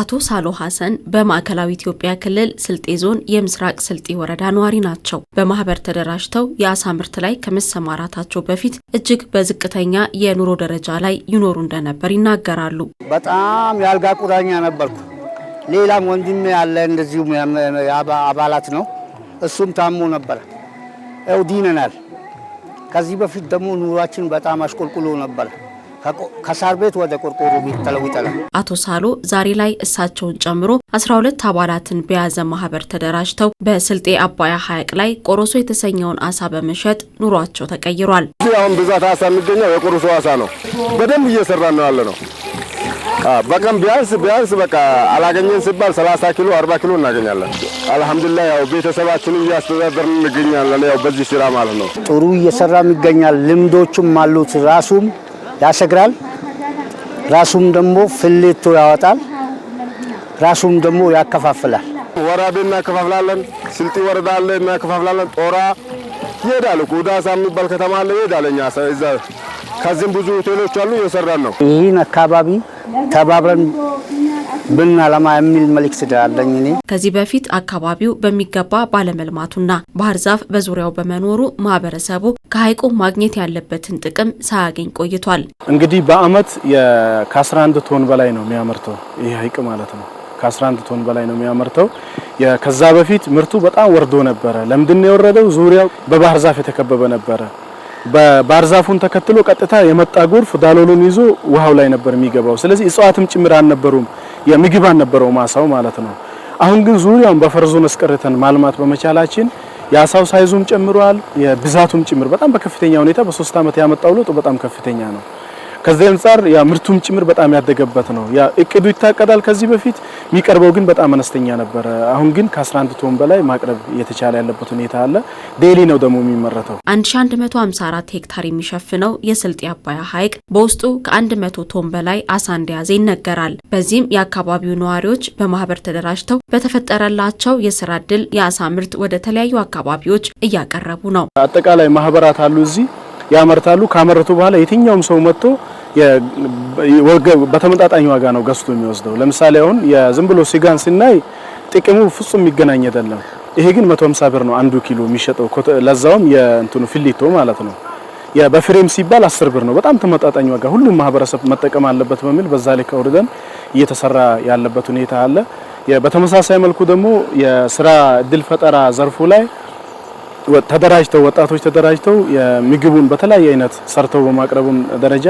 አቶ ሳሎ ሀሰን በማዕከላዊ ኢትዮጵያ ክልል ስልጤ ዞን የምስራቅ ስልጤ ወረዳ ነዋሪ ናቸው። በማህበር ተደራጅተው የአሳ ምርት ላይ ከመሰማራታቸው በፊት እጅግ በዝቅተኛ የኑሮ ደረጃ ላይ ይኖሩ እንደነበር ይናገራሉ። በጣም ያልጋ ቁራኛ ነበርኩ። ሌላም ወንድም ያለ እንደዚሁ አባላት ነው። እሱም ታሞ ነበረ። ያው ዲነናል። ከዚህ በፊት ደግሞ ኑሯችን በጣም አሽቆልቁሎ ነበረ። ከሳር ቤት ወደ ቆርቆሮ ቤት ይጠላል። አቶ ሳሎ ዛሬ ላይ እሳቸውን ጨምሮ 12 አባላትን በያዘ ማህበር ተደራጅተው በስልጤ አባያ ሐይቅ ላይ ቆሮሶ የተሰኘውን አሳ በመሸጥ ኑሯቸው ተቀይሯል። አሁን ብዛት አሳ የሚገኘው የቆሮሶ አሳ ነው። በደንብ እየሰራ ነው ያለ ነው። በቀን ቢያንስ ቢያንስ በቃ አላገኘን ሲባል 30 ኪሎ 40 ኪሎ እናገኛለን። አልሐምዱሊላህ ያው ቤተሰባችን እያስተዳደርን እንገኛለን። ያው በዚህ ስራ ማለት ነው ጥሩ እየሰራ ይገኛል። ልምዶቹም አሉት ራሱም ያሰግራል። ራሱም ደግሞ ፍሌቶ ያወጣል። ራሱም ደግሞ ያከፋፍላል። ወራቤ እናከፋፍላለን። ስልጢ ወረዳ አለ እናከፋፍላለን። ጦራ ይሄዳሉ። ጉዳሳ የሚባል ከተማ አለ ይሄዳል። እኛ ከዚህም ብዙ ሆቴሎች አሉ እየሰራን ነው። ይህን አካባቢ ተባብረን ብናለማ የሚል መልክ ስላለኝ እኔ ከዚህ በፊት አካባቢው በሚገባ ባለመልማቱና ባህር ዛፍ በዙሪያው በመኖሩ ማህበረሰቡ ከሀይቁ ማግኘት ያለበትን ጥቅም ሳያገኝ ቆይቷል። እንግዲህ በአመት ከ11 ቶን በላይ ነው የሚያመርተው ይህ ሀይቅ ማለት ነው። ከ11 ቶን በላይ ነው የሚያመርተው። ከዛ በፊት ምርቱ በጣም ወርዶ ነበረ። ለምንድን የወረደው? ዙሪያው በባህር ዛፍ የተከበበ ነበረ። በባህር ዛፉን ተከትሎ ቀጥታ የመጣ ጎርፍ ዳሎሎን ይዞ ውሃው ላይ ነበር የሚገባው። ስለዚህ እጽዋትም ጭምር አልነበሩም። የምግብ አልነበረው ማሳው ማለት ነው። አሁን ግን ዙሪያውን በፈርዞን አስቀርተን ማልማት በመቻላችን የአሳው ሳይዙም ጨምሯል፣ የብዛቱም ጭምር በጣም በከፍተኛ ሁኔታ በሶስት ዓመት ያመጣው ለውጥ በጣም ከፍተኛ ነው። ከዚህ አንጻር ያ ምርቱም ጭምር በጣም ያደገበት ነው። ያ እቅዱ ይታቀዳል። ከዚህ በፊት የሚቀርበው ግን በጣም አነስተኛ ነበረ። አሁን ግን ከ11 ቶን በላይ ማቅረብ የተቻለ ያለበት ሁኔታ አለ። ዴሊ ነው ደግሞ የሚመረተው። 1154 ሄክታር የሚሸፍነው የስልጤ አባያ ሐይቅ በውስጡ ከ100 ቶን በላይ አሳ እንደያዘ ይነገራል። በዚህም የአካባቢው ነዋሪዎች በማህበር ተደራጅተው በተፈጠረላቸው የስራ እድል የአሳ ምርት ወደ ተለያዩ አካባቢዎች እያቀረቡ ነው። አጠቃላይ ማህበራት አሉ፣ እዚህ ያመርታሉ። ካመረቱ በኋላ የትኛውም ሰው መጥቶ በተመጣጣኝ ዋጋ ነው ገዝቶ የሚወስደው። ለምሳሌ አሁን የዝም ብሎ ስጋን ስናይ ጥቅሙ ፍጹም የሚገናኝ አይደለም። ይሄ ግን 150 ብር ነው አንዱ ኪሎ የሚሸጠው፣ ለዛውም የእንትኑ ፊሊቶ ማለት ነው። በፍሬም ሲባል 10 ብር ነው። በጣም ተመጣጣኝ ዋጋ ሁሉም ማህበረሰብ መጠቀም አለበት በሚል በዛ ላይ አውርደን እየተሰራ ያለበት ሁኔታ አለ። በተመሳሳይ መልኩ ደግሞ የስራ እድል ፈጠራ ዘርፉ ላይ ተደራጅተው ወጣቶች ተደራጅተው ምግቡን በተለያየ አይነት ሰርተው በማቅረብም ደረጃ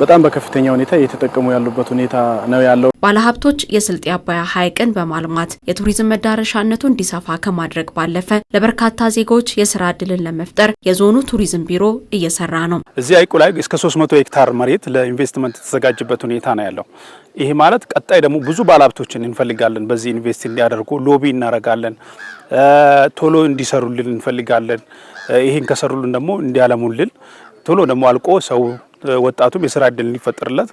በጣም በከፍተኛ ሁኔታ እየተጠቀሙ ያሉበት ሁኔታ ነው ያለው። ባለሀብቶች የስልጤ አባያ ሐይቅን በማልማት የቱሪዝም መዳረሻነቱ እንዲሰፋ ከማድረግ ባለፈ ለበርካታ ዜጎች የስራ እድልን ለመፍጠር የዞኑ ቱሪዝም ቢሮ እየሰራ ነው። እዚህ ሐይቁ ላይ እስከ 300 ሄክታር መሬት ለኢንቨስትመንት የተዘጋጀበት ሁኔታ ነው ያለው። ይሄ ማለት ቀጣይ ደግሞ ብዙ ባለሀብቶችን እንፈልጋለን። በዚህ ኢንቨስት እንዲያደርጉ ሎቢ እናረጋለን። ቶሎ እንዲሰሩልን እንፈልጋለን። ይህን ከሰሩልን ደግሞ እንዲያለሙልን ቶሎ ደግሞ አልቆ ሰው ወጣቱም የስራ እድል እንዲፈጠርለት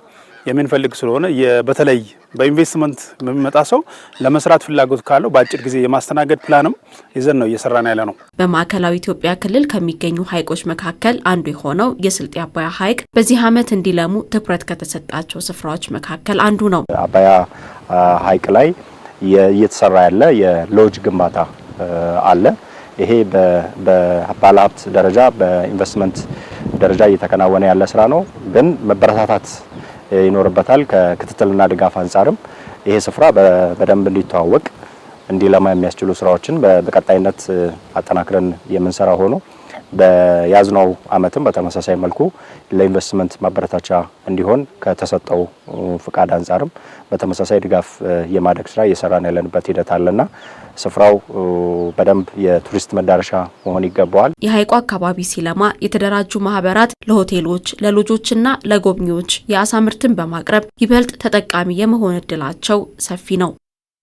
የምንፈልግ ስለሆነ በተለይ በኢንቨስትመንት የሚመጣ ሰው ለመስራት ፍላጎት ካለው በአጭር ጊዜ የማስተናገድ ፕላንም ይዘን ነው እየሰራን ያለ ነው። በማዕከላዊ ኢትዮጵያ ክልል ከሚገኙ ሐይቆች መካከል አንዱ የሆነው የስልጤ አባያ ሐይቅ በዚህ ዓመት እንዲለሙ ትኩረት ከተሰጣቸው ስፍራዎች መካከል አንዱ ነው። አባያ ሐይቅ ላይ እየተሰራ ያለ የሎጅ ግንባታ አለ። ይሄ በባለሀብት ደረጃ በኢንቨስትመንት ደረጃ እየተከናወነ ያለ ስራ ነው። ግን መበረታታት ይኖርበታል። ከክትትልና ድጋፍ አንጻርም ይሄ ስፍራ በደንብ እንዲተዋወቅ እንዲለማ የሚያስችሉ ስራዎችን በቀጣይነት አጠናክረን የምንሰራ ሆኖ በያዝነው አመትም በተመሳሳይ መልኩ ለኢንቨስትመንት ማበረታቻ እንዲሆን ከተሰጠው ፍቃድ አንጻርም በተመሳሳይ ድጋፍ የማደግ ስራ እየሰራን ያለንበት ሂደት አለና ስፍራው በደንብ የቱሪስት መዳረሻ መሆን ይገባዋል። የሀይቁ አካባቢ ሲለማ የተደራጁ ማህበራት ለሆቴሎች ለሎጆችና ለጎብኚዎች የአሳ ምርትን በማቅረብ ይበልጥ ተጠቃሚ የመሆን እድላቸው ሰፊ ነው።